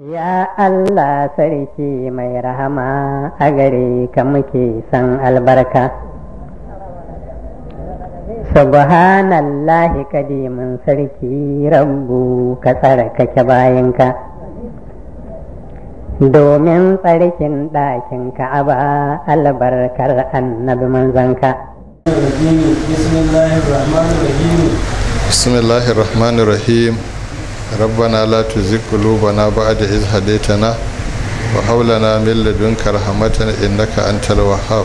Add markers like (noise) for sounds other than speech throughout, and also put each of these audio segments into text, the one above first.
Ya Allah sarki mai rahama a gare ka muke san albarka. Subhanallahi kadimin sarki rabbu ka tsara kake bayanka. Domin tsarkin ɗakin ka'aba albarkar annabi manzanka. Bismillahirrahmanirrahim. Bismillahirrahmanirrahim. ربنا لا تزغ قلوبنا بعد إذ هديتنا وهب لنا من لدنك رحمة إنك أنت الوهاب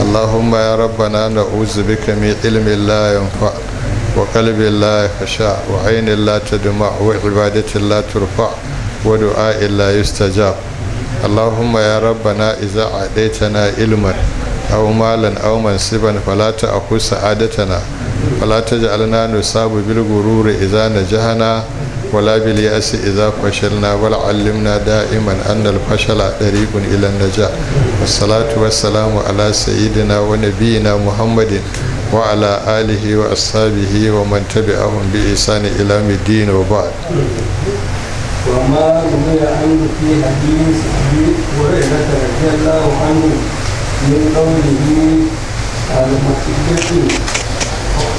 اللهم يا ربنا نعوذ بك من علم لا ينفع وقلب لا يخشع وعين لا تدمع وعبادة لا ترفع ودعاء لا يستجاب اللهم يا ربنا إذا أعطيتنا علما أو مالا أو منصبا فلا تأخذ سعادتنا ولا تجعلنا نصاب بالغرور إذا نجحنا ولا باليأس إذا فشلنا ولعلمنا دائما أن الفشل طريق إلى النجاة والصلاة والسلام على سيدنا ونبينا محمد وعلى آله وأصحابه ومن تبعهم بإحسان إلى الدين وبعد وما روي عنه في حديث أبي هريرة رضي الله عنه من قوله المسجد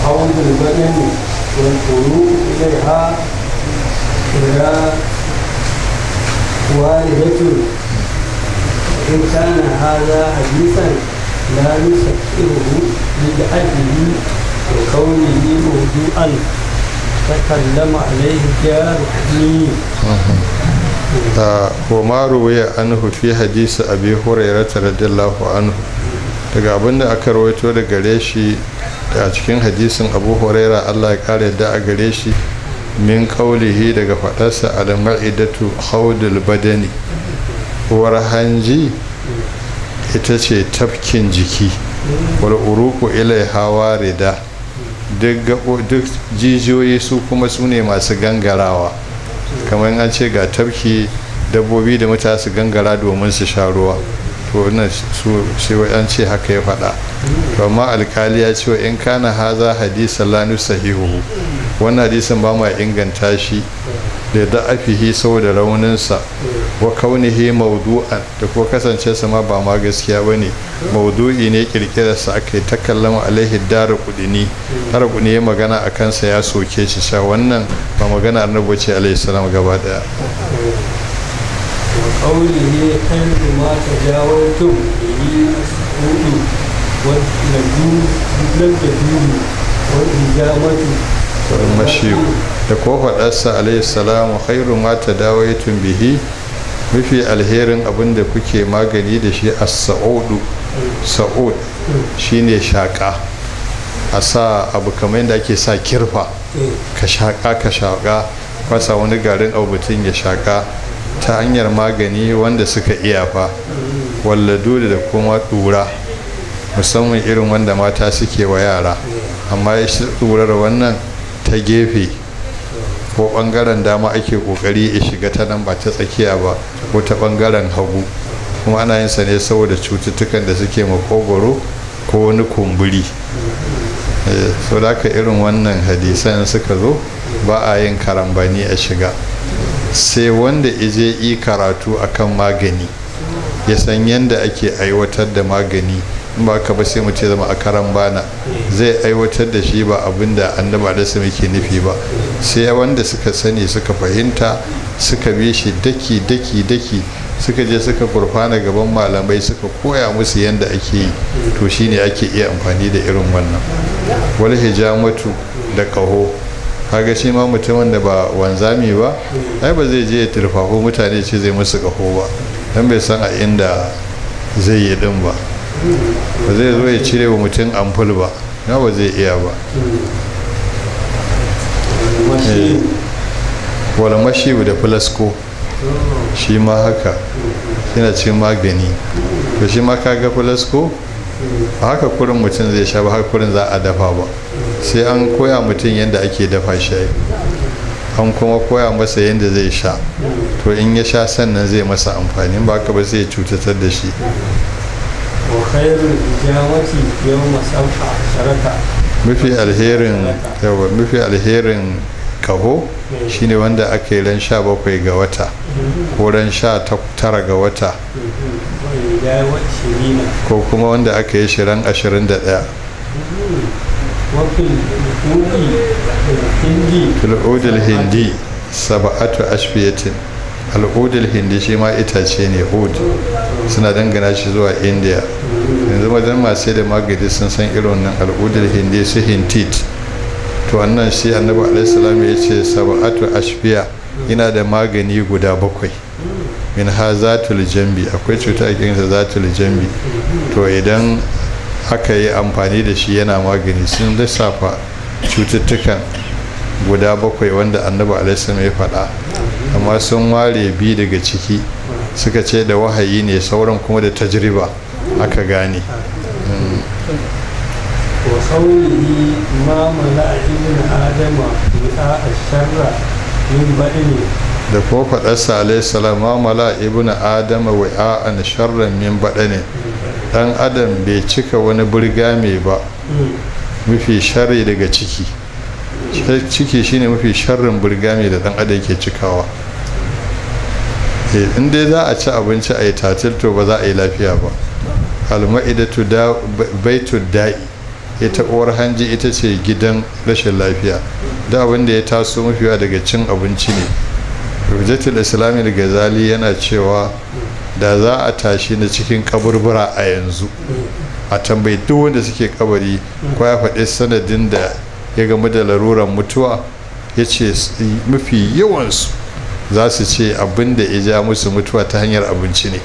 قول البدن والخروج إليها kira wani hatu in kana haza hadisan la yusakiru li ajli kauni ni an takallama daga abin da aka rawaito da gare shi a cikin hadisin abu huraira allah ya kare da a gare shi min kaulihi daga faɗarsa alma'idatu haudul badani uwar hanji ita ce tafkin jiki wal uruku ilai hawa rida duk jijiyoyi su kuma su ne masu gangarawa kamar an ce ga tafki dabbobi da mutane su gangara domin su sha ruwa to nan su shi haka ya faɗa to amma alkali ya ce in kana haza hadisa lanu sahihu wannan hadisin ba ma inganta shi da afihi saboda rauninsa wa kaunihi maudu'an da kuma kasance ma ba ma gaskiya bane ne maudu'i ne kirkirarsa sa akai ta kallama alaihi daru kudini har kudini ya magana a kansa ya soke shi sha wannan ba magana annabaci alaihi salam gaba daya وقوله حمل ما تجاوزتم به السعود والنجوم والحجامة والمشي da ko faɗarsa alayhi salamu khairu ma tadawaitun bihi mafi alherin abin da kuke magani da shi a sa'udu sa'ud shine shaƙa a sa abu kamar yadda ake sa kirfa ka shaƙa ka shaƙa kwasa wani garin abu mutum ya shaƙa ta hanyar magani wanda suka iya fa wallado da kuma ɗura musamman irin wanda mata suke wa yara amma ya shi ɗurar wannan ta gefe ko bangaren dama ake ƙoƙari ya shiga ta nan ba ta tsakiya ba ko ta ɓangaren hagu kuma ana yin sa ne saboda cututtukan da suke makogoro ko wani kumburi eh, sau da irin wannan hadisan suka zo ba a yin karambani a shiga sai wanda ije yi karatu akan magani ya san yadda ake aiwatar da magani in ba ka ba sai mu ce zama a karan bana zai aiwatar da shi ba abin da annaba da su muke nufi ba sai wanda suka sani suka fahimta suka bi shi daki daki daki suka je suka kurfana gaban malamai suka koya musu yadda ake yi to shine ake iya amfani da irin wannan wal hijamatu da kaho kaga shi ma mutumin da ba wanzami ba ai ba zai je ya turfafo mutane ce zai musu kaho ba dan bai san a inda zai yi din ba ba zai zo ya cire wa mutum amful ba na ba zai iya ba eh, wala mashi da filasko shi ma haka yana cin magani ba shi ma kaga filasko. haka kurin mutum zai sha ba haka kurin za a dafa ba sai an koya mutum yadda ake dafa shayi an kuma koya masa yadda zai sha to in ya sha sannan zai masa amfani ba haka ba sai cutatar da shi mafi alherin yawa mafi alherin kaho shine wanda aka yi ran sha bakwai ga wata ko ran sha tara ga wata ko kuma wanda aka yi shirin 21 da hindi saba'atu ashfiyatin al'udul hindi shi ma itace ne hud suna dangana shi zuwa india yanzu wajen masu da magadi sun san irin nan al'udul hindi su hintit to annan shi annabi alaihi salam ya ce saba'atu ashfiya yana da magani guda bakwai min ha zatul jambi akwai cuta a kirinsa zatul jambi to idan aka yi amfani da shi yana magani sun lissafa cututtukan guda bakwai wanda annabi alaihissalam ya faɗa amma sun ware bi daga ciki suka ce da wahayi ne sauran kuma da tajriba aka gane da ko faɗar salai salama mala ibn adama wa'a an sharran min baɗa ne ɗan adam bai cika wani burga mai ba mafi shari daga ciki ciki shine mafi sharrin burga mai da ɗan adam ke cikawa eh, in dai za a ci abinci a yi tatil to ba za a yi lafiya ba da baitu da'i ita uwar hanji ita ce gidan rashin lafiya da abin da ya taso mafiya daga cin abinci ne hujjatul islami da gazali yana cewa da za a tashi na cikin kaburbura a yanzu a tambayi duk wanda suke kabari ko ya faɗi sanadin da ya gamu da laruran mutuwa ya ce mafi yawansu za su ce abin da ya ja musu mutuwa ta hanyar abinci ne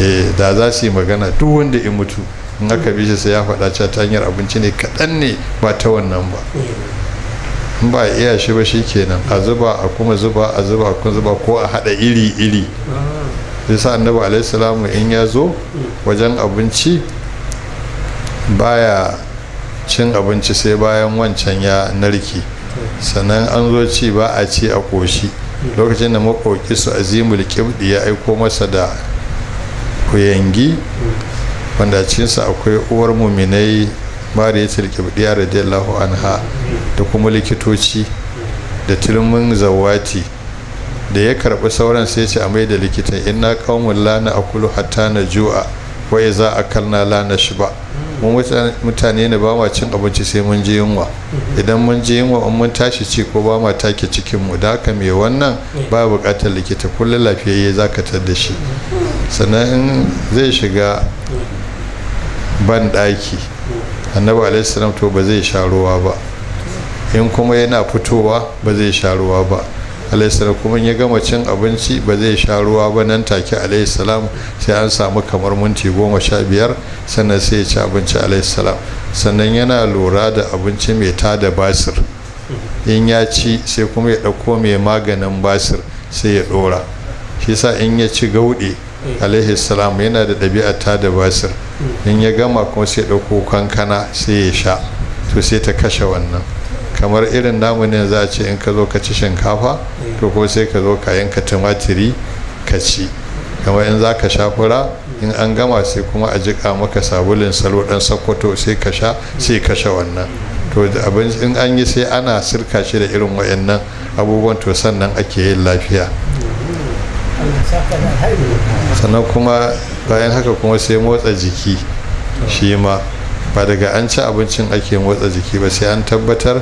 eh, da za su yi magana duk wanda ya mutu in aka bi shi sai ya faɗa ta hanyar abinci ne kaɗan ne ba ta wannan ba in ba iya shi ba shi kenan a zuba a kuma zuba a zuba kuma zuba ko a hada iri iri zai sa annabi alaihi in ya zo wajen abinci baya cin abinci sai bayan wancan ya narki sannan an zo ci ba a ci a koshi lokacin da makoki su azimul kibdi ya aiko masa da kuyangi wanda cinsa akwai uwar muminai mariyatul kibdiya radiyallahu anha da kuma likitoci da tilmin zawati da ya karbi sauran sai ce a mai da likitan inna qaumun la akulu hatta na ju'a wa iza akalna la shiba mun mutane ne ba ma cin abinci sai mun je yunwa idan mun je yunwa in mun tashi ci ko ba ma take cikin mu da haka mai wannan ba bukatar likita kullum lafiyayye zaka tar da shi sannan in zai shiga ban daki annabi alaihissalam to ba zai sha ruwa ba in kuma yana fitowa ba zai sha ruwa ba alaihissalam kuma ya gama cin abinci ba zai sha ruwa ba nan take alaihissalam sai an samu kamar minti goma sha biyar sannan sai ya ci abinci alaihissalam sannan yana lura da abinci mai tada basir in ya ci sai kuma ya ɗauko mai maganin basir sai ya ɗora shi sa in ya ci gauɗe alaihissalam yana da ɗabi'a tada basir in ya gama kuma sai ɗauko kankana sai ya sha to sai ta kashe wannan kamar irin namu ne za a ce in ka zo ka ci shinkafa to ko sai ka zo ka yanka tumatiri ka ci kamar in za ka sha fura in an gama sai kuma a jiƙa maka sabulin salo ɗan sakwato sai ka sha sai kashe wannan to abin in an yi sai ana sirka shi da irin wayannan abubuwan to sannan ake yin lafiya sannan kuma bayan haka kuma sai motsa jiki shi ma ba daga an ci abincin ake motsa jiki ba sai an tabbatar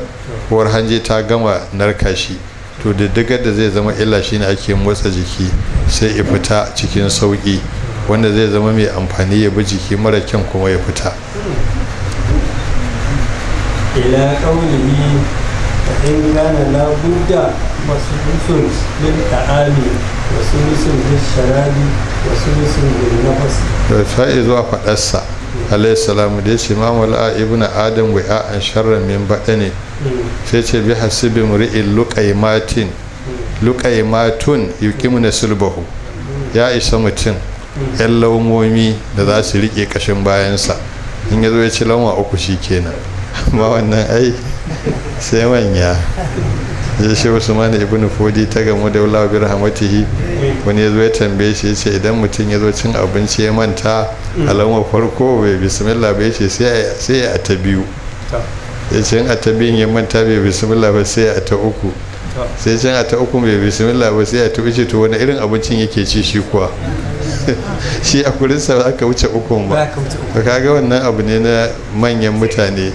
kowar hanji ta gama narka shi to diddigar da zai zama illa shine ake motsa jiki sai ya fita cikin sauki wanda zai zama mai amfani ya bi jiki mara kyan kuma ya fita ila فإن wasu لا بد وثلث wasu وثلث للشراب وثلث da فإذا zuwa faɗarsa alayhi salamu da ya ce mamul a ibn adam wa a an sharran min baɗa ne mm. sai ce bi hasibi muri'in luƙaimatin mm. luƙaimatun yukimu na sulbahu mm. ya isa mutum yan laumomi da za su riƙe ƙashin bayansa in ya zo ya ci lanwa uku shi kenan ma wannan ai sai manya ya shi wasu usman ibn fodi ta gamu da wula bi rahmatihi wani ya zo ya tambaye shi ya ce idan mutum ya zo cin abinci ya manta alamar farko bai bismillah bai ce sai ya ta biyu ya ce a ta biyun ya manta bai bismillah ba sai a ta uku sai can a ta uku bai bismillah ba sai a ta uku to wani irin abincin yake ci shi kuwa (laughs) shi a kurinsa ba ka wuce ukun ba to kaga wannan abu ne na manyan mutane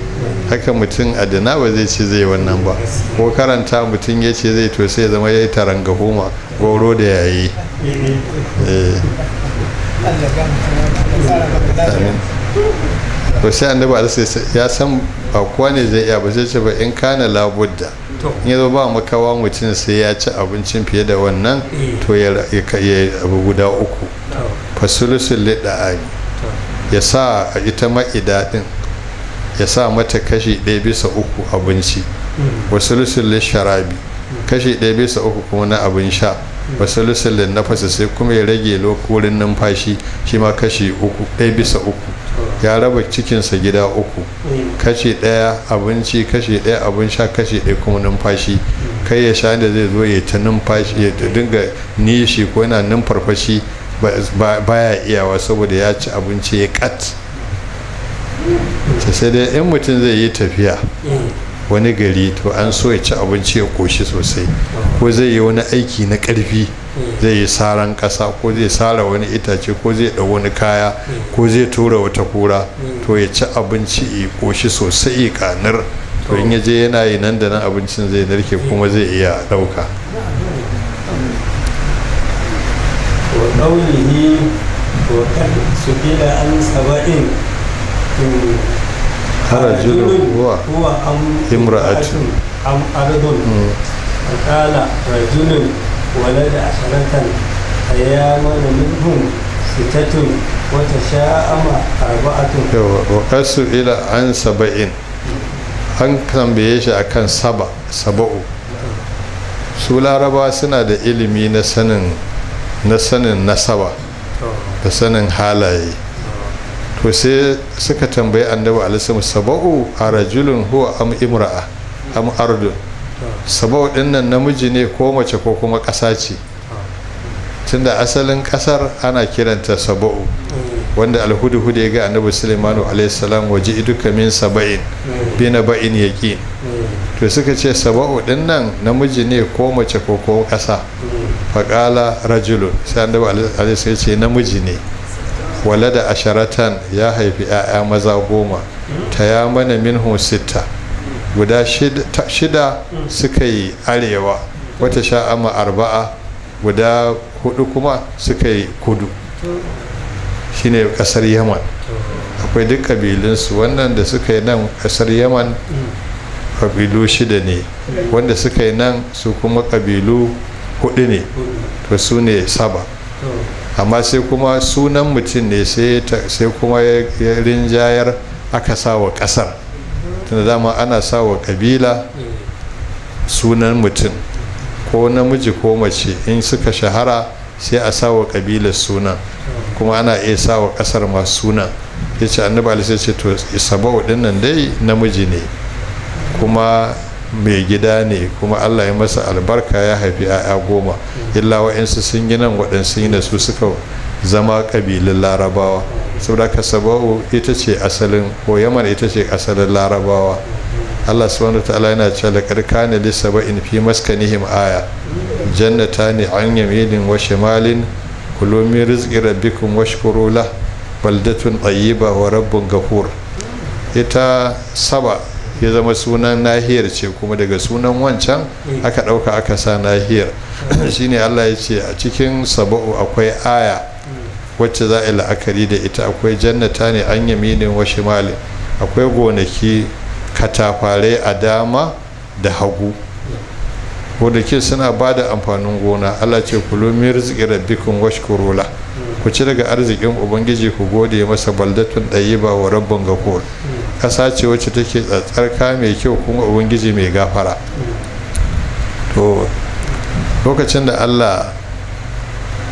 haka mutum a dana ba zai ce zai wannan ba ko karanta mutum ya ce zai to sai zama ya yi taranga homa goro da yayi eh. to sai annabi alaihi ya san ba kuwa ne zai iya ba sai ce ba in kana labudda in yi ba makawa mutum sai ya ci abincin fiye da wannan eh. to ya abu guda uku fasulusun ayi ya sa a ita ma'ida ɗin ya sa mata kashi ɗaya bisa uku abinci wasulusun sharabi kashi ɗaya bisa uku kuma na abin sha wasulusun linnafasa sai kuma ya rage wurin numfashi shi ma kashi uku ɗaya bisa uku ya raba cikinsa gida uku kashi ɗaya abinci kashi ɗaya abin sha kashi ɗaya kuma numfashi kai ya sha da zai zo ya ta numfashi ya dinga nishi ko yana numfarfashi baya iyawa saboda ya ci abinci ya kat sai dai in mutum zai yi tafiya wani gari to an so ya ci abinci ya koshi sosai ko zai yi wani aiki na karfi zai yi saran ƙasa ko zai sara wani itace ko zai ɗau wani kaya ko zai tura wata kura to ya ci abinci ya koshi sosai ya kanar to in ya je yana yi nan da nan abincin zai narke kuma zai iya ɗauka قوله وقد سئل عن سبأ رجل هو هو أم امرأة أم أرض فقال رجل ولد عشرة أياما منهم ستة وتشاءم أربعة وقد سئل عن سبأ an tambaye shi akan saba saba'u su larabawa suna da ilimi na sanin na sanin nasaba da sanin halaye to sai suka tambayi annabi alisamu saba'u a rajulun huwa am imra'a am ardun saba'u dinnan namiji ne ko mace ko kuma ƙasa ce tunda asalin ƙasar ana kiranta saba'u eh. wanda alhudu-hudu ya ga annabi sulaimanu alaihissalam waje iduka min saba'in eh. bi na ba'in yaƙin eh. to suka ce saba'u dinnan namiji ne ko mace ko kuma ƙasa faƙala rajulun sai annabi alaihi sai ce namiji ne wale da asharatan ya haifi 'ya'ya maza goma ta ya mana minhu sitta guda shida suka yi arewa wata sha'ama arba'a guda hudu kuma suka yi kudu shine kasar yaman akwai duk kabilinsu wannan da suka yi nan kasar yaman kabilu shida ne wanda suka yi nan su kuma kabilu hudu ne to su ne saba amma sai kuma sunan mutum ne sai kuma ya rinjayar aka sawa kasar tunda dama ana sawa kabila eh. sunan mutum ko namiji ko mace in suka shahara sai a sawa kabilar sunan kuma ana iya sawa kasar masu sunan ya ce annabali sai ce to saba'u dinnan dai namiji ne kuma mai gida ne kuma allah ya masa albarka ya haifi 'ya'ya goma illa wa'insu sun yi nan waɗansu yi da su suka zama ƙabilun larabawa saboda ka saba'u ita ce asalin ko yaman ita ce asalin larabawa allah subhanahu ta'ala yana cewa ne lissa ba in fi maskanihim aya ne an yaminin wa shimalin kulomi min rabbikum washkuru lah baldatun ba wa rabbin gahur. ita saba ya zama sunan nahiyar ce kuma daga sunan wancan mm. aka ɗauka aka sa nahiyar mm. (laughs) shine allah ya ce a cikin saba'u akwai aya mm. wacce za a yi la'akari da ita akwai jannata ne an yaminin wa shimali akwai gonaki katafarai a dama da hagu gonaki suna ba da amfanin gona allah ce kulumin rizki rabbikun washkurula ku ci daga arzikin ubangiji ku gode masa baldatun ɗayi ba wa rabbin gafur ƙasa ce wacce take tsarka mai kyau kuma ubangiji mai gafara to lokacin da allah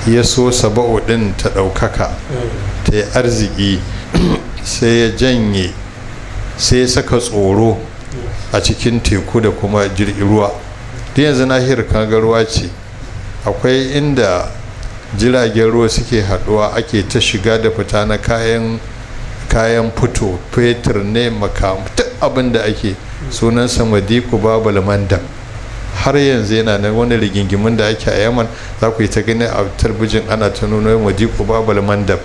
ya so saba'u ɗin ta ɗaukaka ta yi arziki sai ya janye sai ya saka tsoro a cikin teku da kuma jirgin ruwa duk yanzu nahiyar kangarwa ce akwai inda jiragen ruwa suke haɗuwa ake ta shiga da fita na kayan kayan fito fetur ne makamu duk abin da ake sunansa madiku babu mandan har yanzu yana nan wani rigingimin da ake a yaman za ku yi ta gani a talbijin ana ta nuno madiku babu mandan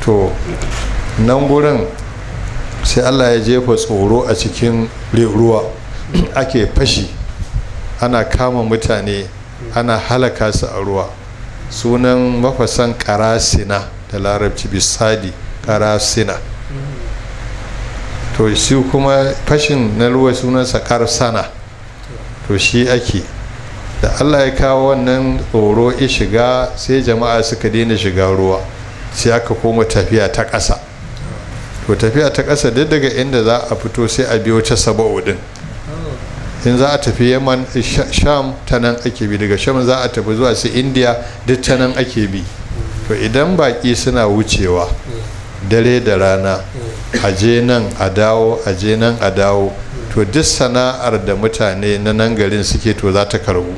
to nan gurin sai allah ya jefa tsoro a cikin ruwa ake fashi ana kama mutane ana halaka su a ruwa sunan mafasan karasina da larabci bisadi karasina to shi kuma fashin na ruwa sunansa karsana to shi ake da allah ya kawo wannan tsoro ya shiga sai jama'a suka daina shiga ruwa sai aka koma tafiya ta ƙasa to tafiya ta ƙasa duk daga inda za a fito sai a biyo ta saba'u din in za a tafi yaman sham ta nan ake bi daga sham za a tafi zuwa sai indiya duk ta nan ake bi to idan baƙi suna wucewa dare da rana mm. aje nan a dawo aje nan a dawo mm. to duk sana'ar da mutane na nan garin suke to za ta karbu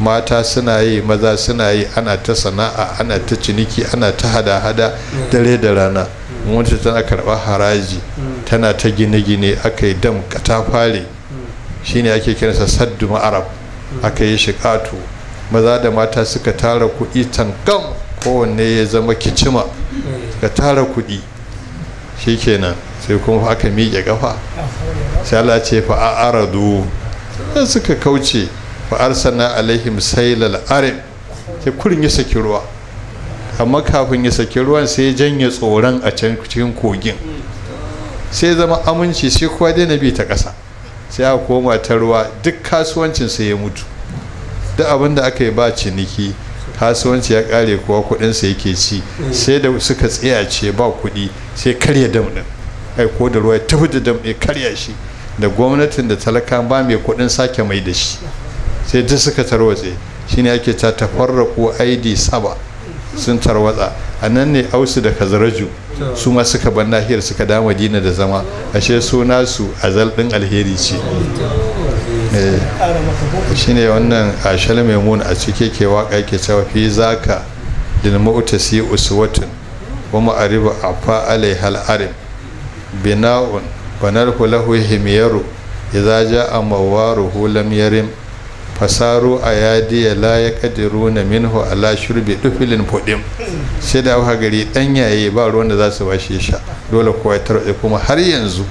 mata suna yi maza suna yi ana ta sana'a ana ta ciniki ana ta hada-hada mm. dare da rana wancan tana karɓar haraji tana ta gine-gine aka yi dam katafale shine ake kiransa saddu ma'arab aka yi shi to maza da mata suka tara kuɗi tankam kowanne ya zama kicima ka tara kuɗi shikenan sai kuma aka miƙe kafa sai Allah ce fa aradu sai suka kauce fa arsalna alaihim sailal arim ke kurin ya saki ruwa amma kafin ya saki ruwan sai ya janye tsoron a can cikin kogin sai zama aminci sai kowa daina nabi ta ƙasa sai aka koma ta ruwa duk kasuwancin sai ya mutu duk abin da aka yi ba ciniki kasuwanci ya kare kuwa kudinsa yake ci sai da suka tsayace ba kudi sai karya dam din ai ko da ruwa ya tafi da dam din karya shi da gwamnatin da talaka ba mai kudin sake mai da shi sai duk suka tarwatse shine ake ta tafarraku id saba sun tarwatsa a nan ne ausu da kazaraju su ma suka ban nahiyar suka da madina da zama ashe suna su azal din alheri ce Eh, shi ne wannan ashal mun a cike ke waka ke cewa fi zaka lil mu'tasi uswatun wa ma'aribu afa hal al'arim bina'un banarhu lahu himyaru idza ja'a mawaruhu lam yarim fasaru a yadi la ya kadiru na minhu ala shurbi dufilin fudim sai da aka gari yaye ba ruwan da za su washe sha dole kuwa ya tarbe kuma har yanzu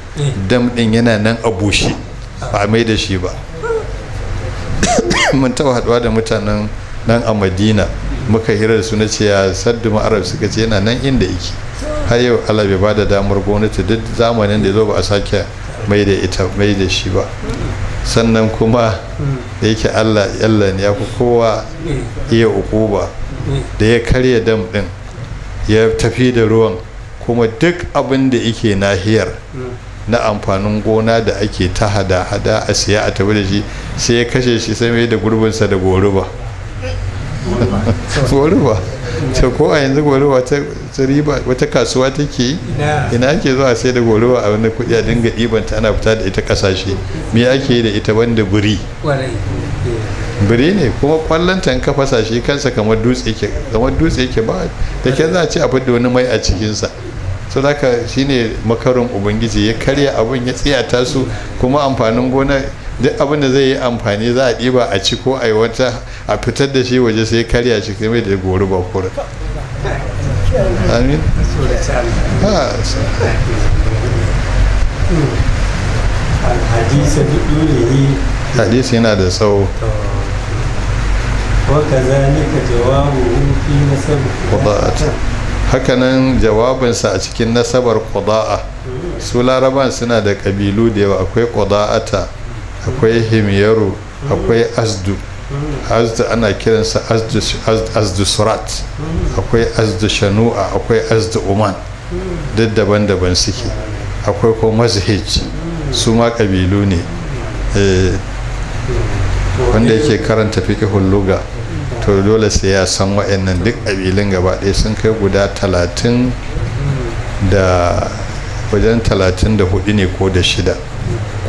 dam din yana nan a bushe ba a mai da shi ba (laughs) mun taba haɗuwa da mutanen nan a madina muka hira da su na ce ya saddu arab suka ce yana nan inda yake har yau allah bai bada damar gwamnati duk zamanin da ya zo ba a sake mai da ita mai da shi ba sannan kuma da yake allah yalla ne ya fi kowa iya ukuba da ya karya dam din ya tafi da ruwan kuma duk abin da yake nahiyar na amfanin gona da ake ta hada-hada a siya a tabi da shi sai ya kashe shi sai mai da gurbinsa da goruba (laughs) goruba ta ko a yanzu goruba ta riba wata kasuwa take yi ina ake zuwa sai da goruba a wani kudi a dinga ta ana fita da ita kasashe me ake yi da ita wanda buri biri ne kuma kwallon ta ka fasa shi kansa kamar dutse yake kamar dutse ba da ke za a ce a fidda wani mai a cikinsa sau da shine makarin ubangiji ya karya abin ya tsiyata su kuma amfanin gona duk abin da zai yi amfani za a ɗiba a ci ko a yi wata a fitar da shi waje sai karya shi kuma da gori ba kura amin ah, hadisi yana da tsawo وكذلك جوابه في نسب وضاءته hakanan jawabinsa a cikin nasabar kuda'a su laraban suna da ƙabilu da yawa akwai ƙuda'ata akwai himiyaru akwai asdu asdu ana kiransa asdu surat akwai asdu shanu'a akwai asdu uman duk daban-daban suke akwai ko mazhej su ma ƙabilu ne eh, wanda yake karanta fiƙihun luga to dole sai ya san wa'annan duk abilin gaba ɗaya sun kai guda talatin da wajen talatin da hudu ne ko da shida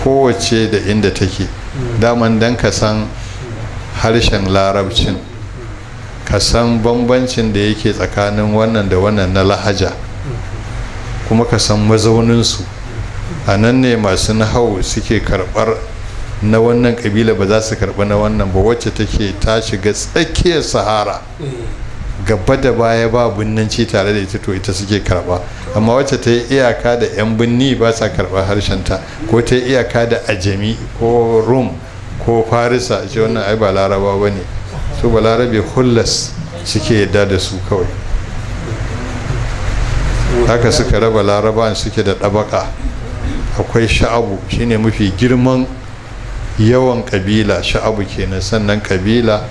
kowace da inda take daman dan ka san harshen larabcin ka san bambancin da yake tsakanin wannan da wannan na lahaja kuma ka san mazauninsu a nan ne masu nahau suke karɓar na wannan kabila ba za su karɓa na wannan ba wacce take ta shiga tsakiyar sahara mm. gaba da baya ba binnanci tare da ita to ita suke karba amma wacce ta yi iyaka da 'yan binni ba sa karba ta ko ta yi iyaka da ajami ko rum ko farisa ce wannan ai ba laraba ba ne su ba larabe hullas suke yadda da su kawai haka suka raba laraban suke da ɗabaka akwai sha'abu shine mafi girman yawan kabila sha'abu kenan sannan kabila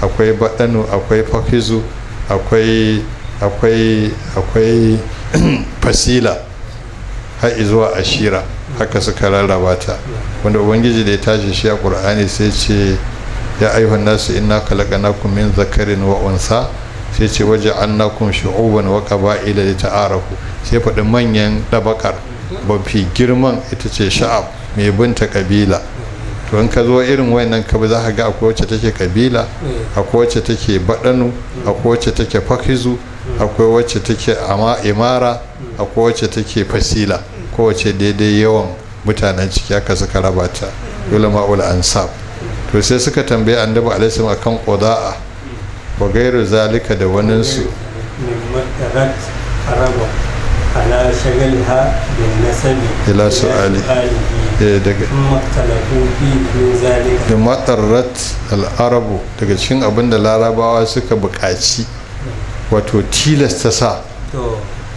akwai baɗanu akwai fahizu akwai akwai (clears throat) fasila har zuwa ashira haka suka rarraba ta wanda ubangiji da ya tashi shi a qur'ani sai ce ya ayyuhan nasu inna khalaqnakum min zakarin wa unsa sai ce waje annakum shu'uban wa qaba'ila lita'arafu sai faɗi manyan ɗabakar fi girman ita ce sha'ab mai binta kabila to in ka zo irin wayannan ka za ka ga akwai wacce take kabila eh. akwai wacce take baɗanu hmm. akwai wacce take fakizu hmm. akwai wacce take imara hmm. akwai wacce take fasila kowace daidai yawan mutanen ciki aka suka raba ta dole ma'ul ansab to sai suka tambaye annabi alaihi akan quda'a wa gairu zalika da waninsu ila su'ali Eh, da matarrat al'arabu daga cikin abin da larabawa suka buƙaci wato tilasta sa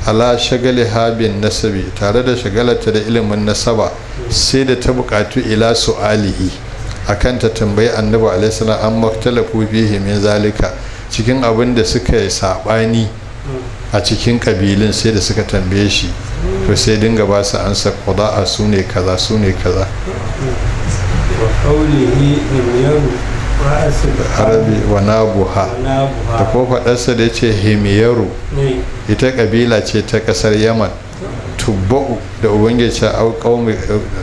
ala shagali habin nasabi tare da shagalata da ilimin nasaba sai da ta buƙatu ila su a akan ta tambayi annabi alaihissalam an maktalafu fihi min zalika cikin abin da suka yi saɓani mm. a cikin ƙabilin sai da suka tambaye shi to sai dinga ba su ansa qada'a su ne kaza su ne kaza arabi wa nabuha da ko faɗarsa da ce himiyaru ita ƙabila ce ta ƙasar yaman tubba'u da ubangiji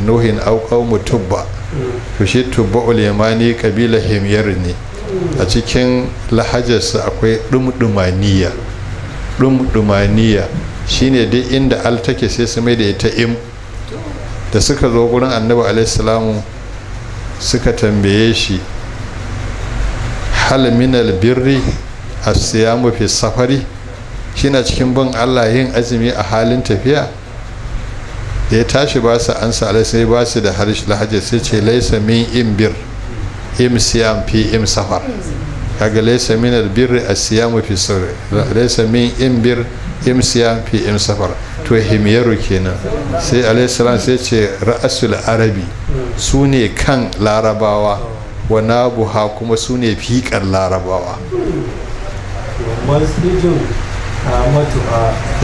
nuhin auƙaumu tubba to shi tubba'u yamani ƙabila himiyar ne a cikin lahajarsa akwai ɗumɗumaniya ɗumɗumaniya shine duk inda al take sai su mai da ita im da suka zo gurin annabi salamu suka tambaye shi hal minal birri asiyamu fi safari shina cikin bin Allah yin azumi a halin tafiya da ya tashi ba su ansa alai sai ba su da harish lahajar sai ce laisa min in bir im siyam fi im safar kaga laisa min albirri asiyamu fi safari laisa min in bir imsiya fi imsafar to himiyaru kenan sai alaihissalam sai ce ra'asul arabi su ne kan larabawa wa nabuha kuma su ne fiƙar larabawa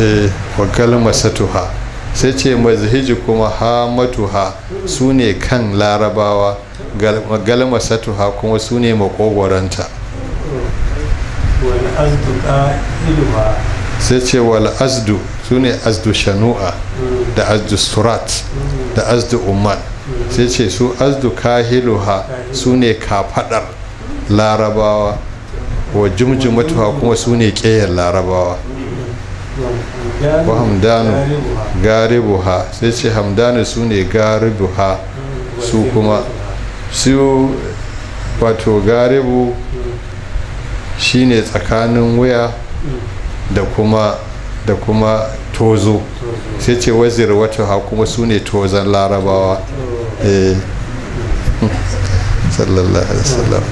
eh, wa kalmasatuha sai ce mazhiji kuma hamatuha su ne kan larabawa galmasatuha kuma su ne makogoranta wani azduka iluwa sai ce wal azdu su ne azdu shanu'a da azdu surat da azdu umman sai ce su azdu kahiluha su ne kafaɗar larabawa wa jumjumatuha kuma su ne ƙeyar larabawa wa hamdanu garibuha sai ce hamdanu su ne garibuha su kuma su wato garibu shi ne tsakanin wuya da kuma da kuma tozo sai ce wazir wata ha kuma su ne tozon larabawa eh. sallallahu alaihi wasallam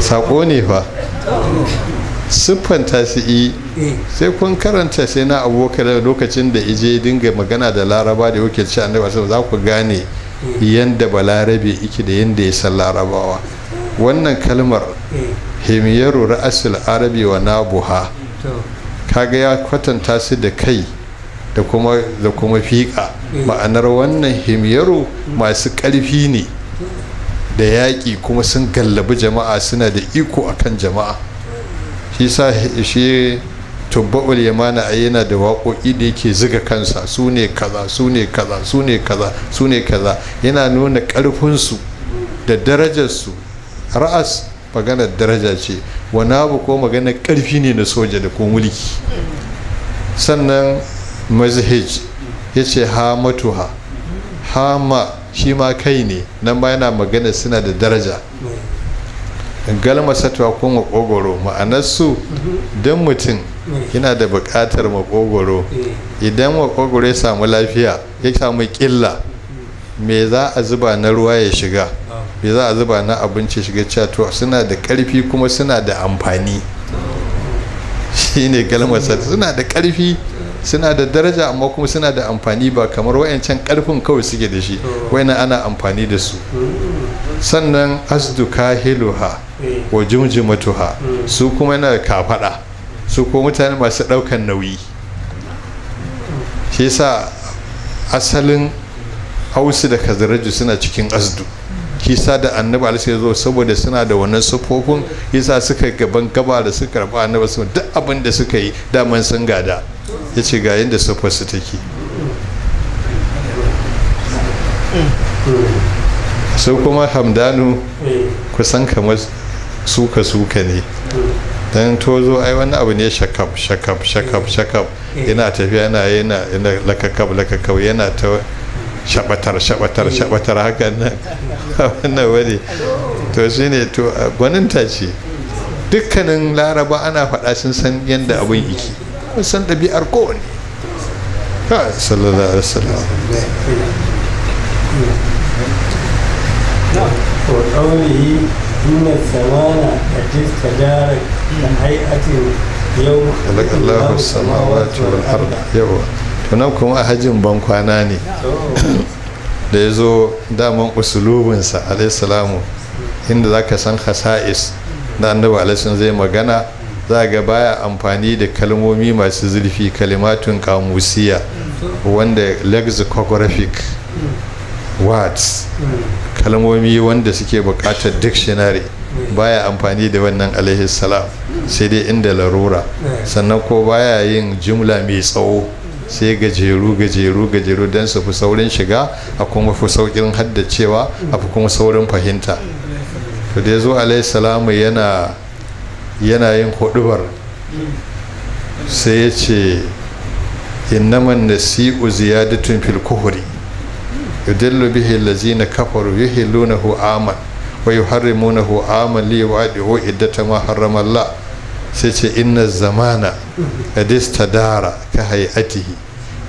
sako ne fa siffanta su yi eh. sai kun karanta sai na abokan lokacin da ije dinga magana da laraba da yake ci annabi sai za ku gane eh. yanda balarabe iki da yanda ya san larabawa wannan kalmar himiyaru ra'asul arabi wa nabuha kaga ya kwatanta su da kai da kuma da kuma fiƙa eh. ma'anar wannan himyaru masu ƙarfi ne da yaƙi kuma sun gallabi jama'a suna da iko akan jama'a shi sa shi tubba'ul yamana a yana da waƙoƙi da yake ziga kansa su ne kaza su ne kaza su ne kaza su ne kaza yana nuna ƙarfinsu da darajarsu ra'as maganar daraja ce wani abu ko maganar karfi ne na soja da ko mulki sannan mazhej ya ce ha matuha ha ma shi ma kai ne nan ma yana magana suna da daraja galma kuma ko makogoro su don mutum yana da buƙatar makogoro idan makogoro ya samu lafiya ya samu ƙilla me za a zuba na ruwa ya shiga baza za a zuba na abinci shiga cewa suna da karfi kuma suna da amfani shine kalmar suna da karfi suna da daraja amma kuma suna da amfani ba kamar wayancan karfin kawai suke da shi wayannan ana amfani da su sannan asduka hiluha wa jumjumatuha su kuma yana kafada su kuma mutane masu ɗaukan nauyi shi yasa asalin hausu da kazaraju suna cikin asdu kisa da annabi alisa ya zo saboda suna da wani sufofin yasa suka gaban gaba da suka karba annabi su duk abin da suka yi daman sun gada ya ce ga yadda sufar su take su kuma hamdanu kusan kamar suka suka ne dan tozo ai wani abu ne shakab shakab shakab shakab yana tafiya yana yana lakakab lakakab yana ta shabatar shabatar shabatar hakan nan wannan wani to shi ne to gwaninta ce dukkanin laraba ana faɗa sun san yadda abin iki san ɗabi'ar kowane sallallahu alaihi wasallam وقوله إن الزمان قد استدار كهيئة يوم خلق الله السماوات والأرض يوم nan kuma hajjin ban kwana ne da ya zo daman usulubinsa alaihissalamu inda za ka san hasa'is da annabi alaihissalam zai magana za ga baya amfani da kalmomi masu zurfi kalimatun kamusiya wanda lexicographic words kalmomi wanda suke bukatar dictionary baya amfani da wannan alaihissalam sai dai inda larura eh. sannan ko baya yin jumla mai tsawo sai gajeru gajeru gajeru don su fi saurin shiga a kuma fi saukin haddacewa a fi kuma saurin fahimta to da ya zo alaihissalamu yana yana yin hudubar sai ya ce innaman nasi'u ziyadatun fil kuhuri yudillu bihi allazina kafaru yuhillunahu aman wa yuharrimunahu aman li yu'adihu iddata ma harrama Allah sai ce inna zamana kadis dara ka hayatihi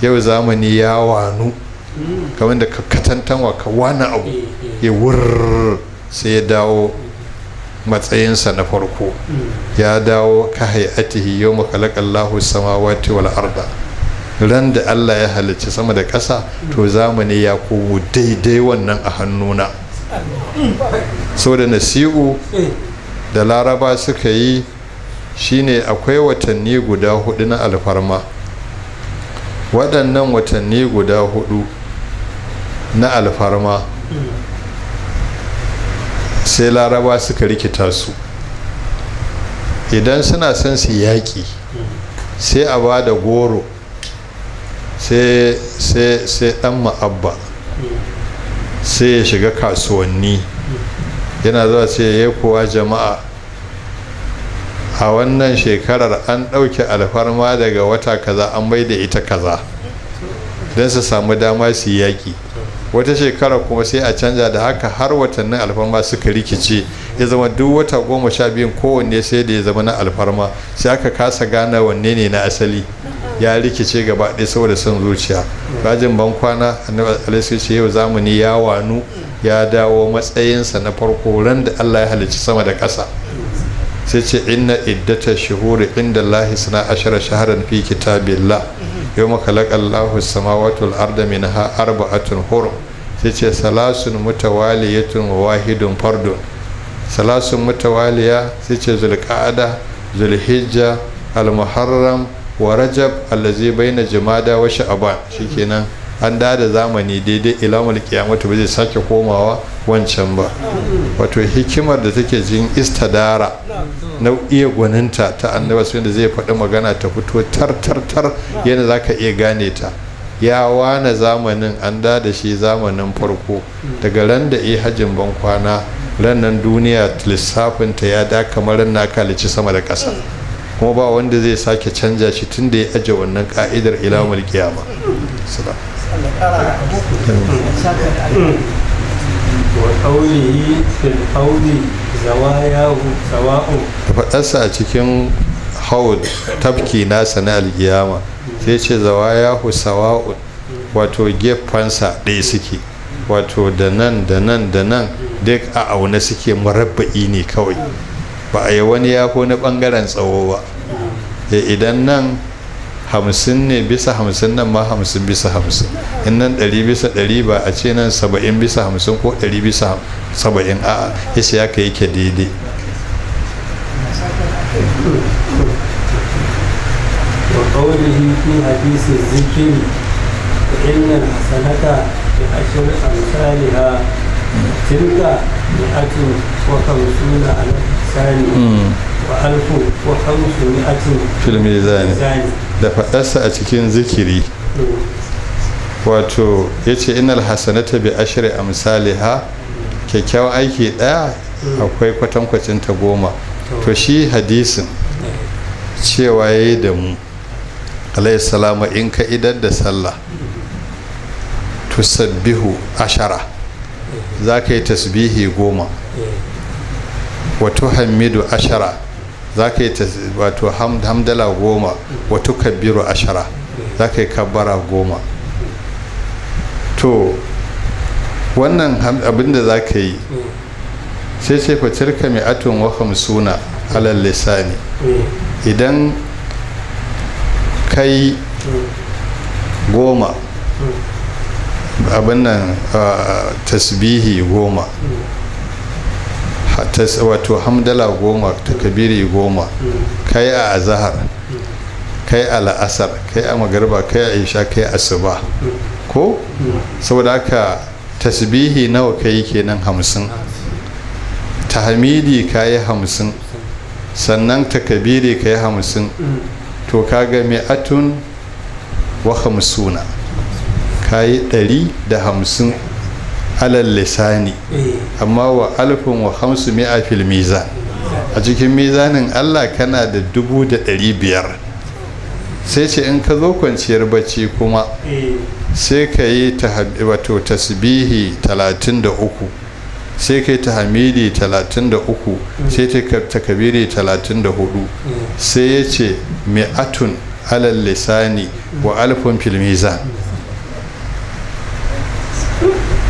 yau zamani ya wanu kamar da katantanwa ka wani abu ya wurr sai ya dawo matsayinsa na farko ya dawo ka hayatihi yau makalakallahu samawati wal arda ran da Allah ya halicci sama da ƙasa to zamani ya komo daidai wannan a hannuna da nasi'u da laraba suka yi shine akwai watanni guda hudu na alfarma waɗannan watanni guda hudu na alfarma sai laraba suka rikita su idan suna son su yaƙi sai a ba da goro sai ɗan ma'abba sai ya shiga kasuwanni yana zuwa sai ya yi kowa jama'a a wannan shekarar an ɗauke alfarma daga wata kaza an bai da ita kaza don su samu dama su yaƙi wata shekarar kuma sai a canja da haka har watannin alfarma suka rikice ya zama duk wata goma sha biyun kowanne sai da ya zama na alfarma sai aka kasa gane wanne ne na asali ya rikice gaba ɗaya saboda son zuciya rajin ban kwana annabi ce yau zamani ya wanu ya dawo matsayinsa na farko ran da Allah ya halicci sama da ƙasa sai ce inna iddata shuhuri inda lahi suna ashara shaharan fi kitabillah yau makalakar lahu samawatul arda min ha arba'atun hurum sai ce salasun mutawaliyatun wa wahidun fardun salasun mutawaliya sai ce zulqa'ada zulhijja almuharram wa rajab allazi baina jumada wa sha'ban shikenan an da da zamani daidai ilamul kiyamata ba zai sake komawa wancan ba wato hikimar da take jin istadara na iya gwaninta ta annaba wanda da zai faɗi magana ta fito tartartar yadda yana za ka iya gane ta ya wane zamanin an da da shi zamanin farko daga ran da iya hajjin ban kwana rannan duniya lissafinta ya da kamar na kalici sama da ƙasa kuma ba wanda zai sake canja shi tun da ya aje wannan ka'idar ilamul kiyama faɗarsa a cikin haud tafki nasa na alkiyama sai ce zawayahu sawa'u wato gefansa ɗaya suke wato da nan da nan da nan duk a auna suke marabba'i ne kawai ba a yi wani yafo na ɓangaren tsawo ba eh, idan nan hamsin ne bisa hamsin nan ma hamsin bisa hamsin in nan ɗari bisa ɗari ba a ce nan saba'in bisa hamsin ko ɗari bisa saba'in a isa ya ka yake daidai وقوله في حديث الذكر فإن الحسنة بعشر da faɗarsa a cikin zikiri wato ya ce inal hasanata bi a misali ha kyakkyawan aiki ɗaya akwai kwatankwacin ta goma to shi hadisin cewa ya yi da mu alaihissalama in ka idar da sallah tusabbihu ashara za ka yi tasbihi goma wato hamidu ashara za ka yi wato hamdala goma wato kabiru ashara za ka yi kabbara goma to wannan abin da za ka yi sai ce fitar mai atun wa hamsuna alal lisani idan kai goma abin nan ah, tasbihi goma wato hamdala goma takabiri goma kai a azahar kai a la'asar kai a magarba kai a isha kai a asuba ko saboda haka tasbihi nawa kai kenan hamsin tahmidi kayi hamsin sannan takabiri kai hamsin to kaga mi'atun wa hamsuna kayi ɗari da hamsin alal lisani eh. amma wa alfin wa hamsu mi'a fil miza a cikin mizanin Allah kana da dubu da ɗari biyar sai ce in ka zo kwanciyar bacci kuma eh. sai ka yi wato tasbihi talatin da uku sai ka yi hamidi talatin da uku mm. sai ta takabiri talatin da hudu mm. sai ya ce mi'atun alal lisani wa alfin fil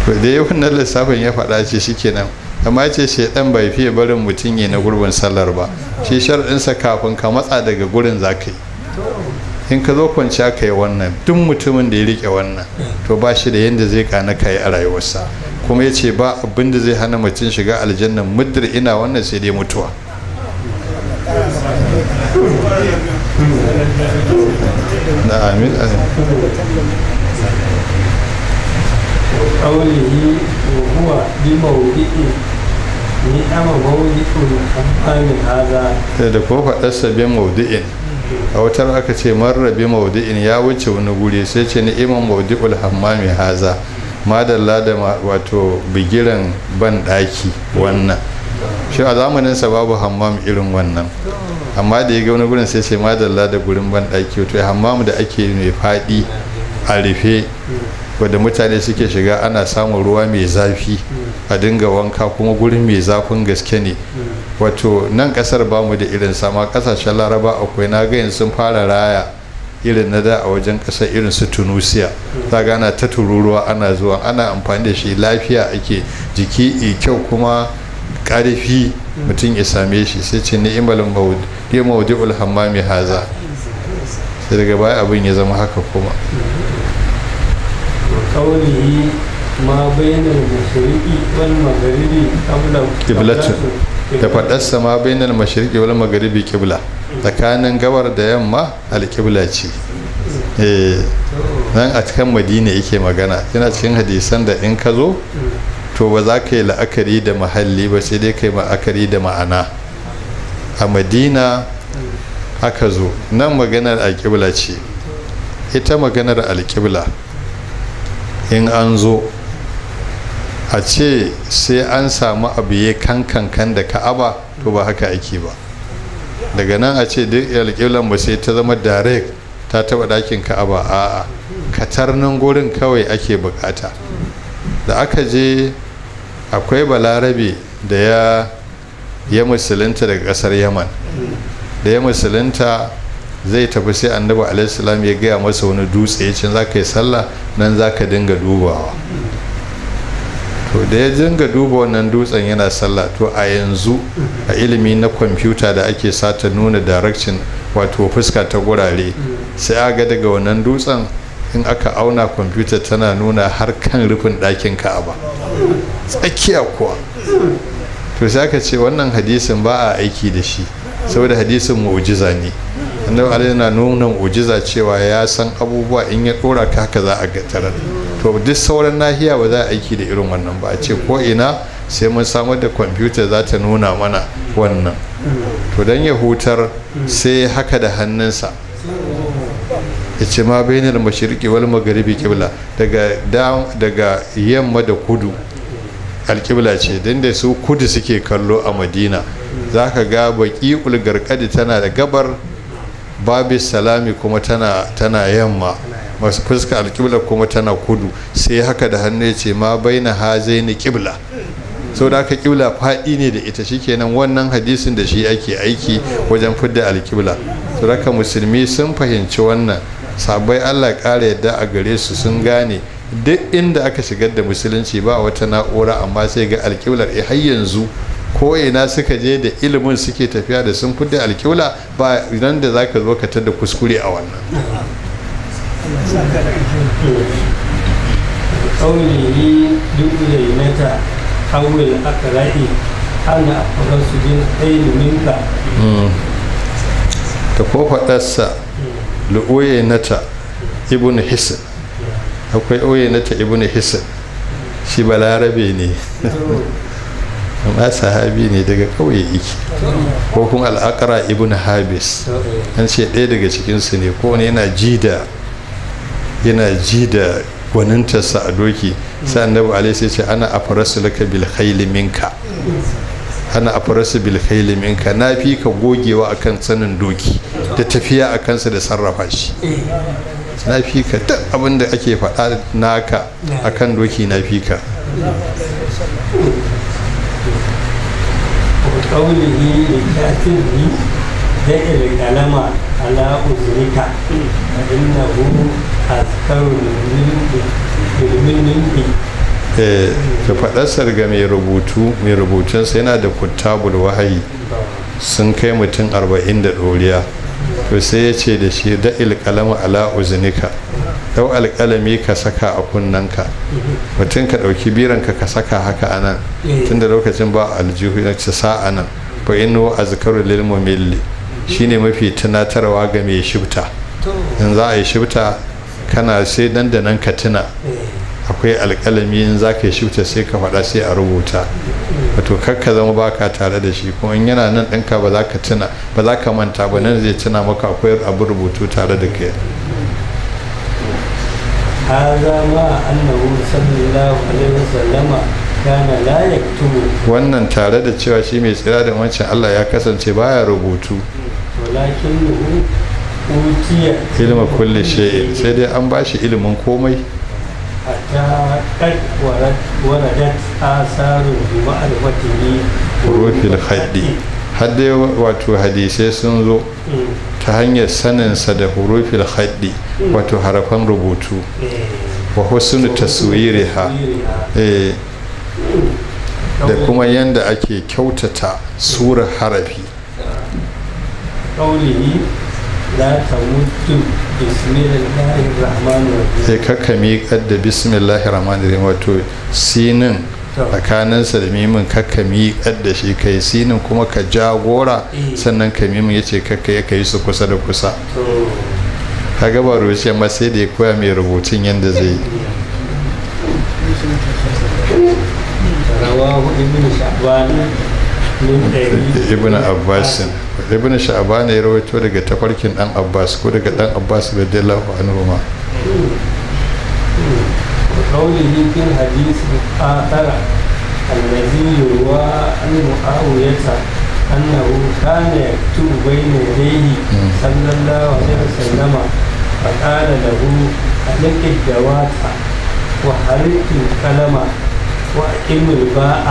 ba dai wannan lissafin ya faɗa ce shikenan amma ce shaidan bai fiye barin mutum ya na gurbin sallar ba shi sharɗinsa kafin ka matsa daga gurin za ka yi in ka zo kwanciya ka yi wannan duk mutumin da ya rike wannan to ba shi da yadda zai kana ka yi a rayuwarsa kuma ya ce ba abin da zai hana mutum shiga aljannan muddar ina wannan sai dai mutuwa قوله وهو بموضع نعم موضع الحمام هذا تدكو فأسى بموضع a wutar aka ce marrabi maudu'in ya wuce wani guri sai ce ni'iman maudi'ul hammami haza madalla da wato bigiran ban daki wannan shi a zamanin sa babu hammam irin wannan amma da ya ga wani gurin sai ce madalla da gurin ban daki wato hammam da ake mai fadi a rufe wadda mutane suke shiga ana samun ruwa mai zafi a dinga wanka kuma gurin mai zafin gaske ne wato nan kasar bamu da irin sama kasashen laraba akwai na ga sun fara raya irin na da a wajen kasar irin su tunisia ta gana ta tururuwa ana zuwa ana amfani da shi lafiya ake jiki e kyau kuma karfi mutum ya same shi sai ce maudi maudi'ul hammami haza sai daga baya abin ya zama haka kuma قوله ما بين المشرق والمغرب قبلة قبلة da faɗarsa ma bainal mashriqi wani magaribi kibla tsakanin gabar da yamma alkibla ce eh, nan a cikin madina yake magana yana cikin hadisan da in ka zo to ba za ka yi la'akari da mahalli ba sai dai ka yi ma'akari da ma'ana a madina aka zo nan maganar alkibla ce ita maganar alkibla in an zo a ce sai an samu abu ya kankan da ka'aba to ba haka ake ba daga nan a ce duk alƙiblan ba sai ta zama direct ta taba ɗakin ka'aba a'a nan gurin kawai ake bukata da aka je akwai balarabe da ya ya musulunta daga ƙasar yaman da ya musulunta zai tafi sai annabi alaihissalam ya gaya masa wani dutse ya ce za ka yi sallah nan za ka dinga dubawa to da ya dinga duba wannan dutsen yana sallah to a yanzu a ilimi na kwamfuta da ake sata nuna direction wato fuska ta gurare sai aga daga wannan dutsen in aka auna kwamfuta tana nuna har kan rufin ɗakin ka'aba tsakiya kuwa to sai aka ce wannan hadisin ba a aiki da shi saboda hadisin mu'ujiza ne annabi ali yana nuna mu'jiza cewa ya san abubuwa in ya dora ka haka za a ga tarar to duk sauran nahiya ba za a aiki da irin wannan ba a ce ko ina sai mun samar da kwamfuta za ta nuna mana wannan to don ya hutar sai haka da hannunsa ya ce ma bai bainar mashirki wal magaribi kibla daga yamma da kudu alkibla ce don da su kudu suke kallo a madina za ka ga baƙi ulgarkadi tana da gabar babu salami kuma tana yamma masu fuska alƙibla kuma tana kudu sai haka da hannu ya ce ma bai na hazai ni ƙibla sau da aka ƙibla faɗi ne da ita shikenan wannan hadisin da shi ake aiki wajen fidda alƙibla sau da musulmi sun fahimci wannan sabai allah ƙara yadda a gare su sun gane duk inda aka shigar da musulunci ba wata na'ura amma sai ga alƙiblar eh, har yanzu ko ina suka je da ilimin suke tafiya da sun fi da alƙiwla ba idan da za ka zo ka tada kuskure a wannan hmm. ta لأولينة حول أقرأي na ta ibn أين akwai oye na ta ibn hisan shi balarabe ne amma sahabi ne daga kauye iki ko kuma al'akara ibn habis an ce ɗaya daga cikinsu ne ko wani yana ji da yana ji da gwanintarsa a doki sa'an annabi alai sai ce ana afarasu laka bil minka ana afarasu bil khayli minka na fi ka gogewa akan sanin doki da tafiya a kansa da sarrafa shi na fi ka duk abin da ake faɗa naka kan doki na fi ka وقوله لكاتبه دعي القلم على أذنك فإنه أذكر من da eh, faɗasar ga mai rubutu mai rubutunsa yana da kuttabul wahayi sun kai mutum arba'in da ɗoriya to sai ya ce da shi da ilkalamu ala uzunika dau alkalami ka saka a kunnanka mutum ka ɗauki biranka ka saka haka a nan eh. tun da lokacin ba aljihu na ci sa'a nan a zikar lilmu lil shi ne mafi tunatarwa ga mai shibta in za a yi shibta kana sai nan da nan ka tuna eh. akwai alƙalami in za ka yi shuta sai ka faɗa sai a rubuta wato kakka zama ba ka tare da shi kuma in yana nan ɗinka ba za ka tuna ba za ka manta ba nan zai tuna maka akwai abu rubutu tare da kai هذا مع أنه صلى الله عليه وسلم wannan tare da cewa shi mai tsira da wancan Allah ya kasance baya rubutu ilma kulli shay'in sai dai an bashi ilimin komai حتى قد hadde wato hadisai sun zo ta hanyar saninsa da hurufil haddi wato harafan rubutu wa husnu taswiriha da kuma yanda ake kyautata surar harafi la tamutu sai kakka miƙar da bismillahir rahmanir rahim wato sinin tsakaninsa da mimin kakka miƙar da shi kai sinin kuma ka jagora eh. sannan ka mimin yace kakka ya kai su kusa da kusa ka gaba rubuce amma sai da ya koya mai rubutun yadda zai yi. ibn abbasin ibn sha'ban ya rawaito daga tafarkin dan abbas ko daga dan abbas da anhu ma قوله في الحديث الآخر الذي يروى عن معاوية أنه كان يكتب بين يديه صلى الله عليه وسلم فقال له ألق الدوات وحرك القلم وأقم الباء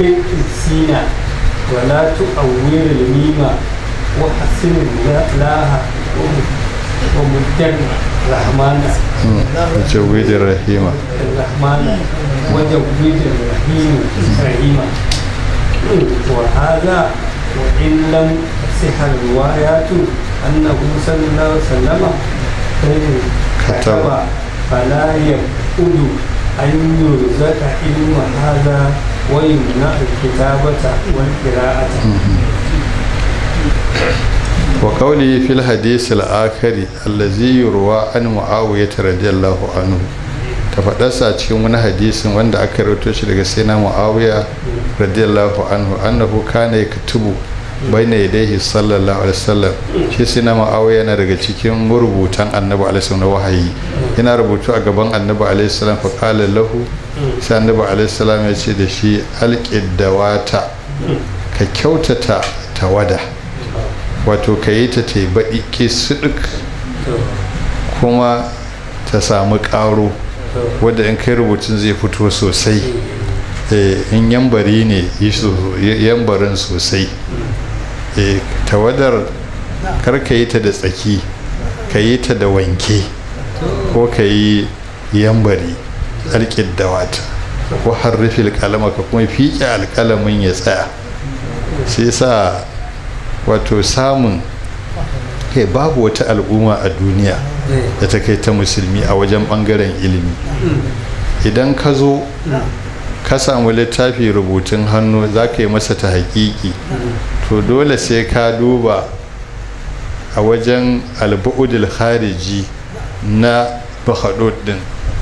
السينة ولا تؤول الميمة وحسن الله ومدن رحمانا وجويد الرحيم الرحمن وجويد الرحيم الرحيم وهذا وإن لم تصح الروايات أنه صلى الله عليه وسلم كتب فلا يقول أن يرزق علم هذا ويمنع الكتابة والقراءة وقوله في الحديث الآخر الذي يروى عن معاوية رضي الله عنه tafadarsa cikin wani hadisin wanda aka rawaito shi daga sai na mu'awiya radiyallahu anhu annahu kana yaktubu Baina yadayhi sallallahu alaihi wasallam shi sai na ma'awiya yana daga cikin rubutan annabi alaihi wasallam wahayi yana rubutu a gaban annabi alaihi wasallam fa qala lahu sai annabi alaihi wasallam ya ce da shi alqiddawata ka kyautata tawada wato ka yi ta taibaɗi kisiduk kuma ta samu ƙaro wadda in kai rubutun zai fito sosai eh, in yambari ne yambarin sosai e tawadar kar ka yi ta da tsaki ka yi ta da wanke ko ka yi yambari da wata ko harrufe alƙalama ka kuma fiƙe alƙalamin ya tsaya sai sa wato samun kai babu wata al'umma a duniya da ta kai ta musulmi a wajen ɓangaren ilimi idan ka zo ka samu littafi rubutun hannu za ka yi masa ta haƙiƙi to dole sai ka duba a wajen albu'udul hariji na bahadod din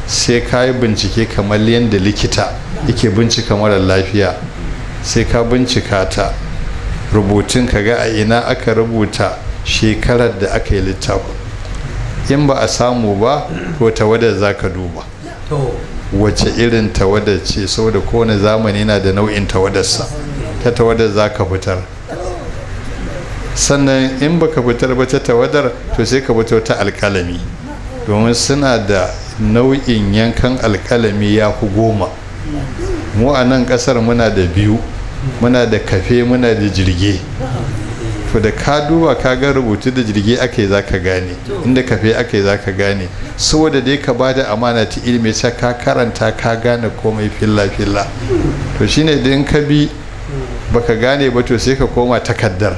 sai ka yi bincike kamar yadda likita yake bincika mara lafiya sai ka bincika ta rubutun ka ga a ina aka rubuta shekarar da aka yi littafin in ba a samu ba to ta wadda za ka duba wace irin tawadar ce saboda kowane zamani na da nau'in tawadarsa ta tawadar za ka fitar sannan in baka fitar ba ta tawadar to sai ka fito ta alkalami domin suna da nau'in yankan alkalami ya fi goma mu a nan kasar muna da biyu muna da kafe muna da jirge ku da ka duba ka ga rubutu da jirgi aka za ka gane inda kafe aka yi za ka gane saboda dai ka ba da amana ta ilimi sa ka karanta ka gane komai filla-filla to shine ne ka bi baka gane ba to sai ka koma takaddar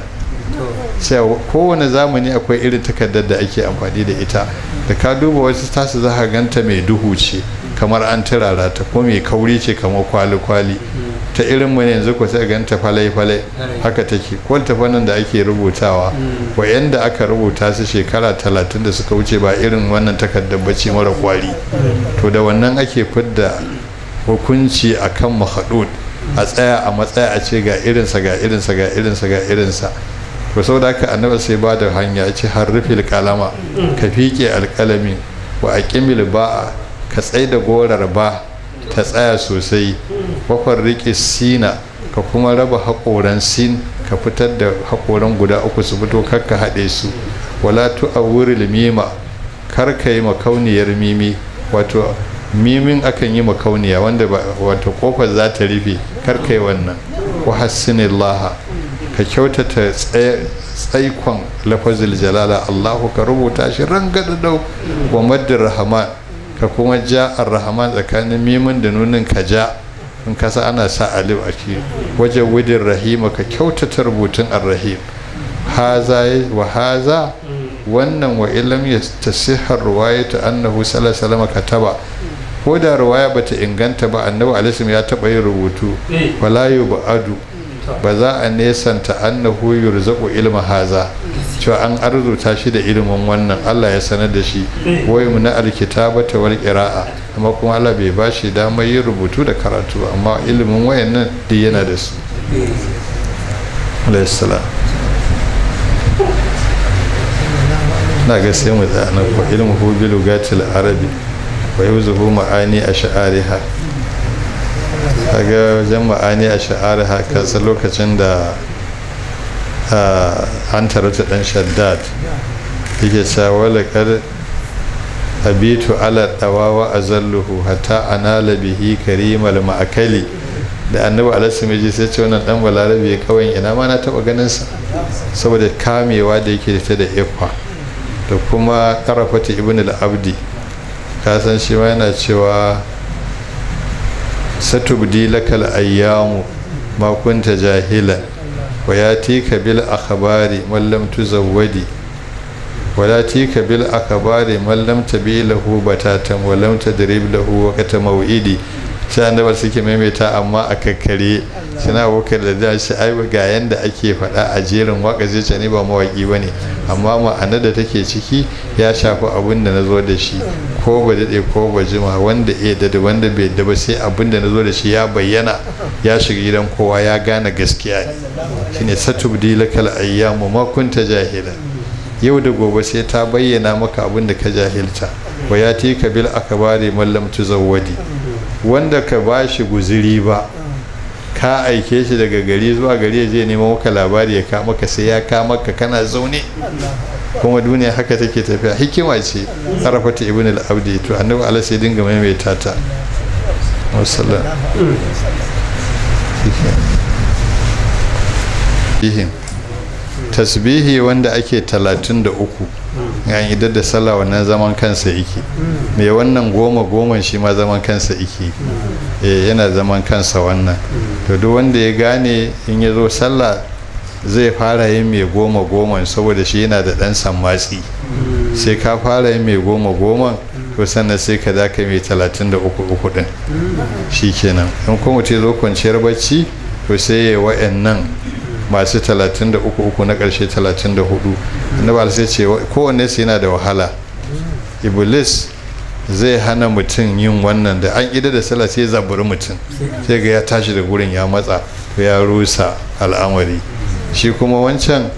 sai kowane zamani akwai irin takaddar da ake amfani da ita da ka duba wasu tasu za ka ganta mai duhu ce kamar an turara ta ko mai kauri ce kamar kwali-kwali ta irin mu yanzu ku sai ta falai-falai haka take ko fannin da ake rubutawa wa mm. wayanda aka rubuta su shekara talatin da suka wuce ba irin wannan takardar bace mara kwari to da wannan ake fidda hukunci a kan mahadud a tsaya a matsaya a ce ga irinsa ga irinsa ga irinsa ga irinsa to saboda haka annabi sai ba da hanya a ce har rufe kalama mm. ka fiƙe alƙalami wa aqimil ba ka tsaida gorar ba ta tsaya sosai wafar rike sina ka kuma raba haƙoran sin ka fitar da haƙoran guda uku su fito karka haɗe su walatu a wurin mima kar yi makauniyar mimi wato mimin akan yi makauniya wanda wata kofar za ta rufe kar ka yi wannan wa laha ka kyautata tsaikon lafazil jalala allahu ka rubuta shi rangadadau wa maddar rahman ka kuma ja ar tsakanin mimin da nunin ka ja in kasa ana sa alif a ke wajen wudin rahima ka kyautata rubutun ar-rahim haza wa haza wannan wa ilam ya tasihar ruwayatu annahu sallallahu alaihi kataba ko da ruwaya bata inganta ba annabi alaihi ya taba yin rubutu eh. wala adu. ba za a nesanta annahu yurzaqu ilma haza cewa an arzuta shi da ilimin wannan Allah ya sanar da shi wai mu na ta wal qira'a amma kuma Allah bai ba shi damar yin rubutu da karatu amma ilimin wayannan duk yana da su eh. alayhi salam na ga sai mu da nan ko ilmuhu arabi wa yuzuhu ma'ani ash'ariha kaga wajen ma'ani a sha'ari haka sa lokacin da an tarata dan shaddad yake cewa kar abitu ala dawawa a zalluhu hatta anala bihi karimal ma'akali da annabi alaihi mai sai ce wannan dan ya kawai ina ma na taba ganin sa saboda kamewa da yake da da ikwa da kuma karafata ibn al-abdi ka san shi ma yana cewa satubdi lakal ayyamu ma kunta jahilan wa yatika bil akhbari man lam tuzawwadi wa yatika bil akhbari mallam lam lahu batatan wa lam tadrib lahu waqta maw'idi sai annabi suke maimaita amma a kakkare sina abokar da da shi ai ga yanda ake faɗa a jerin waka zai ne ba mawaƙi ba ne amma ma'ana da take ciki ya shafi abin da na zo da shi ko ba daɗe ko ba jima wanda ya dada wanda bai da ba sai abin da na zo da shi ya bayyana ya shiga gidan kowa ya gane gaskiya ne shi shine satubdi lakal ayyamu makunta jahila yau da gobe sai ta bayyana maka abin da ka jahilta wa ya tika aka akabari mallam zawadi wanda ka bashi guziri ba ka aike shi daga gari zuwa gari ya je neman maka labari ya ka sai ya ka kana zaune kuma duniya haka take tafiya hikima ce arafata ibn al-abdi to annabi sai dinga maimaita ta wasallam tasbihi wanda ake talatin da uku yayin idar da sallah wannan zaman kansa yake me wannan goma goma shi ma zaman kansa yake eh, yana zaman kansa wannan to duk wanda ya gane in ya zo sallah zai fara yin mai goma goma saboda shi yana da ɗan sammatsi sai ka fara yin mai goma goma to sannan sai ka za mai talatin da uku uku din shi kenan in kuma te zo kwanciyar bacci to sai ya wa'annan masu 33 uku na ƙarshe 34 annabi sai ce kowanne su yana da wahala iblis zai hana mutum yin wannan da an ida da sala sai zaburi mutum sai ga ya tashi da gurin ya matsa ya rusa al'amari shi kuma wancan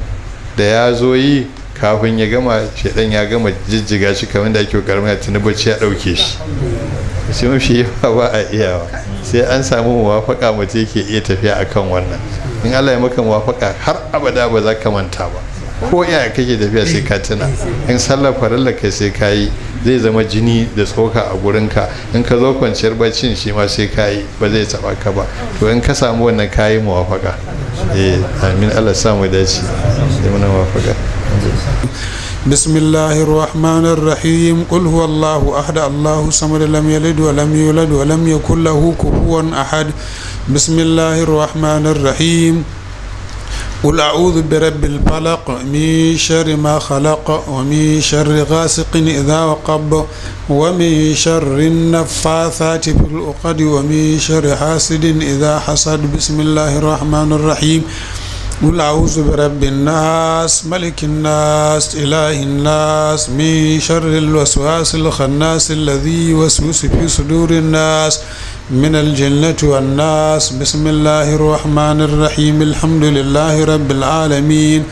da ya zo yi kafin ya gama shaidan ya gama jijjiga shi kamar da ake karmar ya tuni bacci ya dauke shi sai mafi yawa ba a iyawa sai an samu muwafaka mace ke iya tafiya akan wannan in Allah ya maka muwafaka har abada ba za ka manta ba ko yaya kake tafiya sai ka tuna in sallar farilla kai sai ka yi zai zama jini da tsoka a gurinka in ka zo kwanciyar baccin shi ma sai ka yi ba zai taba ka ba to in ka samu wannan ka yi muwafaka eh amin Allah samu dace sai muna muwafaka بسم الله الرحمن الرحيم قل هو الله أحد الله الصمد لم يلد ولم يولد ولم يكن له كفوا أحد بسم الله الرحمن الرحيم قل أعوذ برب الفلق من شر ما خلق ومن شر غاسق إذا وقب ومن شر النفاثات في العقد ومن شر حاسد إذا حسد بسم الله الرحمن الرحيم قل أعوذ برب الناس ملك الناس إله الناس من شر الوسواس الخناس الذي يوسوس في صدور الناس من الجنة والناس بسم الله الرحمن الرحيم الحمد لله رب العالمين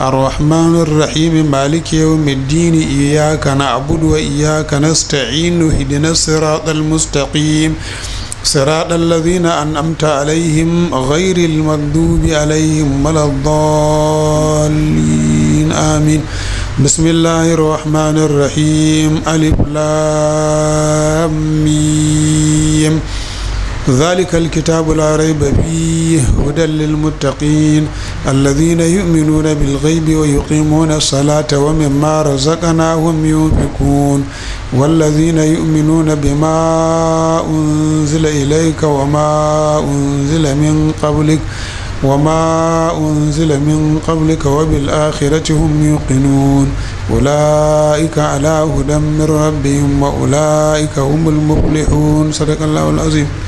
الرحمن الرحيم مالك يوم الدين إياك نعبد وإياك نستعين اهدنا الصراط المستقيم صراط الذين أنعمت عليهم غير المغضوب عليهم ولا الضالين آمين بسم الله الرحمن الرحيم ألف لام ميم ذلك الكتاب لا ريب فيه هدى للمتقين الذين يؤمنون بالغيب ويقيمون الصلاة ومما رزقناهم ينفقون والذين يؤمنون بما أنزل إليك وما أنزل من قبلك وما أنزل من قبلك وبالآخرة هم يوقنون أولئك على هدى من ربهم وأولئك هم المفلحون صدق الله العظيم